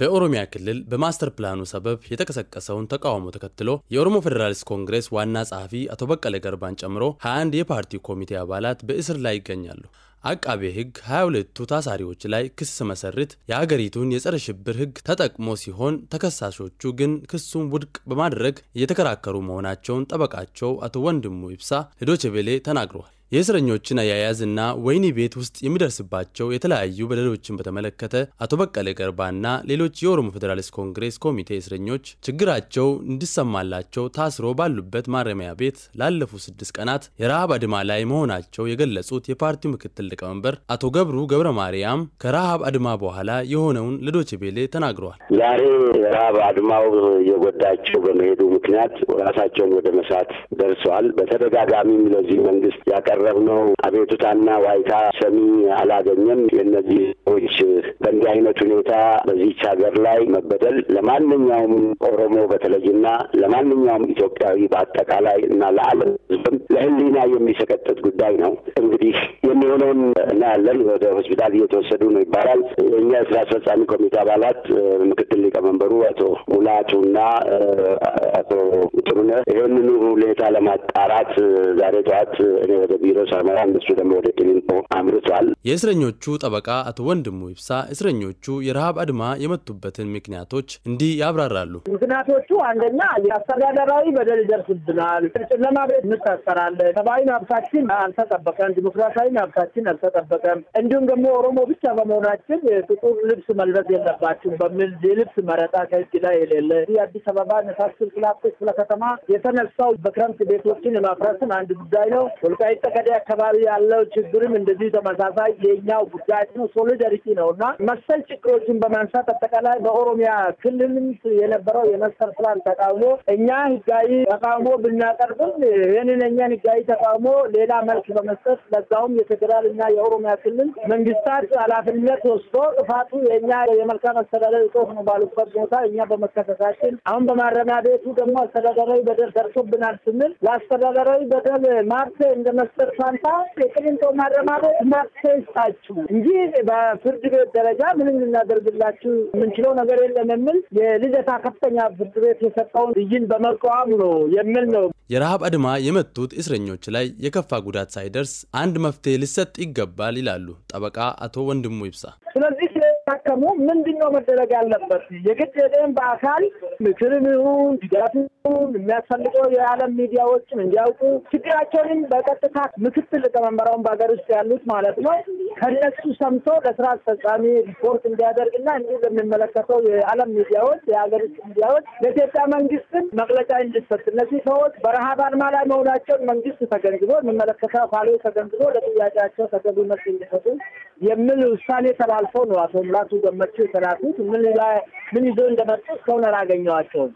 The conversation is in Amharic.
በኦሮሚያ ክልል በማስተር ፕላኑ ሰበብ የተቀሰቀሰውን ተቃውሞ ተከትሎ የኦሮሞ ፌዴራሊስት ኮንግሬስ ዋና ጸሐፊ አቶ በቀለ ገርባን ጨምሮ 21 የፓርቲው ኮሚቴ አባላት በእስር ላይ ይገኛሉ። አቃቤ ሕግ 22ቱ ታሳሪዎች ላይ ክስ መሰርት የአገሪቱን የጸረ ሽብር ሕግ ተጠቅሞ ሲሆን ተከሳሾቹ ግን ክሱን ውድቅ በማድረግ እየተከራከሩ መሆናቸውን ጠበቃቸው አቶ ወንድሙ ይብሳ ለዶይቼ ቬለ ተናግረዋል። የእስረኞችን አያያዝና ወይኒ ቤት ውስጥ የሚደርስባቸው የተለያዩ በደሎችን በተመለከተ አቶ በቀለ ገርባና ሌሎች የኦሮሞ ፌዴራሊስት ኮንግሬስ ኮሚቴ እስረኞች ችግራቸው እንዲሰማላቸው ታስሮ ባሉበት ማረሚያ ቤት ላለፉት ስድስት ቀናት የረሃብ አድማ ላይ መሆናቸው የገለጹት የፓርቲው ምክትል ሊቀመንበር አቶ ገብሩ ገብረ ማርያም ከረሃብ አድማ በኋላ የሆነውን ለዶችቤሌ ተናግረዋል። ዛሬ ረሃብ አድማው የጎዳቸው በመሄዱ ምክንያት ራሳቸውን ወደ መሳት ደርሰዋል። በተደጋጋሚም ለዚህ መንግስት ያቀ ያቀረብነው አቤቱታና ዋይታ ሰሚ አላገኘም። የእነዚህ ሰዎች በእንዲህ አይነት ሁኔታ በዚች ሀገር ላይ መበደል ለማንኛውም ኦሮሞ በተለይና ለማንኛውም ኢትዮጵያዊ በአጠቃላይ እና ለዓለም ሕዝብም ለሕሊና የሚሰቀጥጥ ጉዳይ ነው። እንግዲህ የሚሆነውን እናያለን። ወደ ሆስፒታል እየተወሰዱ ነው ይባላል። የእኛ የስራ አስፈጻሚ ኮሚቴ አባላት ምክትል ሊቀመንበሩ አቶ ሙላቱና አቶ ጥሩነህ ይህንኑ ሁኔታ ለማጣራት ዛሬ ጠዋት እኔ ወደ ቢሮ ሳመራ፣ እነሱ ደግሞ ወደ ቅሊንጦ አምርቷል። የእስረኞቹ ጠበቃ አቶ ወንድሙ ይብሳ እስረኞቹ የረሃብ አድማ የመቱበትን ምክንያቶች እንዲህ ያብራራሉ። ምክንያቶቹ አንደኛ የአስተዳደራዊ በደል ይደርስብናል፣ ጨለማ ቤት እንታሰራለን፣ ሰብአዊ መብታችን አልተጠበቀም፣ ዲሞክራሲያዊ መብታችን አልተጠበቀም፣ እንዲሁም ደግሞ ኦሮሞ ብቻ በመሆናችን ጥቁር ልብስ መልበስ የለባችሁም በሚል የልብስ መረጣ ከእጅ ላይ የሌለ የአዲስ አበባ ነሳስል ክላቶች ስለከተማ የተነሳው በክረምት ቤቶችን የማፍረስን አንድ ጉዳይ ነው። ወልቃይት ጠገዴ አካባቢ ያለው ችግርም እንደዚህ ተመሳሳይ የኛው ጉዳይ ነው። ሶሊዳሪቲ ነው እና መሰል ችግሮችን በማንሳት አጠቃላይ በኦሮሚያ ክልል የነበረው የመሰል ፕላን ተቃውሞ እኛ ህጋዊ ተቃውሞ ብናቀርብም ይህንን እኛን ህጋዊ ተቃውሞ ሌላ መልክ በመስጠት ለዛውም የፌዴራል እና የኦሮሚያ ክልል መንግስታት ኃላፊነት ወስዶ ጥፋቱ የእኛ የመልካም አስተዳደር እጦት ነው ባሉበት ቦታ እኛ በመከሰሳችን አሁን በማረሚያ ቤቱ ደግሞ አስተዳደራዊ በደል ደርሶብናል ስንል ለአስተዳደራዊ በደል ማርሴ እንደ መስጠት ፋንታ የቅሊንጦ ማረሚያ ቤት ማርሴ ይስጣችሁ እንጂ በፍርድ ቤት ደረጃ ደረጃ ምንም ልናደርግላችሁ የምንችለው ነገር የለም የሚል የልደታ ከፍተኛ ፍርድ ቤት የሰጠውን ብይን በመቃወም ነው የሚል ነው። የረሃብ አድማ የመቱት እስረኞች ላይ የከፋ ጉዳት ሳይደርስ አንድ መፍትሄ ሊሰጥ ይገባል ይላሉ ጠበቃ አቶ ወንድሙ ይብሳ። ስለዚህ ስለታከሙ ምንድን ነው መደረግ ያለበት? የግድ የደም በአካል ምክርም ይሁን ድጋፍ ይሁን የሚያስፈልገው የዓለም ሚዲያዎችን እንዲያውቁ ችግራቸውንም በቀጥታ ምክትል ሊቀመንበራውን በሀገር ውስጥ ያሉት ማለት ነው ከነሱ ሰምቶ ለስራ አስፈጻሚ ሪፖርት እንዲያደርግና እንዲህ በሚመለከተው የዓለም ሚዲያዎች፣ የሀገር ውስጥ ሚዲያዎች ለኢትዮጵያ መንግስትን መግለጫ እንድሰጥ እነዚህ ሰዎች በረሀብ አድማ ላይ መሆናቸውን መንግስት ተገንዝቦ የሚመለከተው አካሉ ተገንዝቦ ለጥያቄያቸው ተገቢ መልስ እንዲሰጡ የሚል ውሳኔ ተላልፎ ነው አቶ ሙላቱ ገመቹ የተላኩት። ምን ምን ይዞ እንደመጡ እስካሁን አላገኘኋቸውም።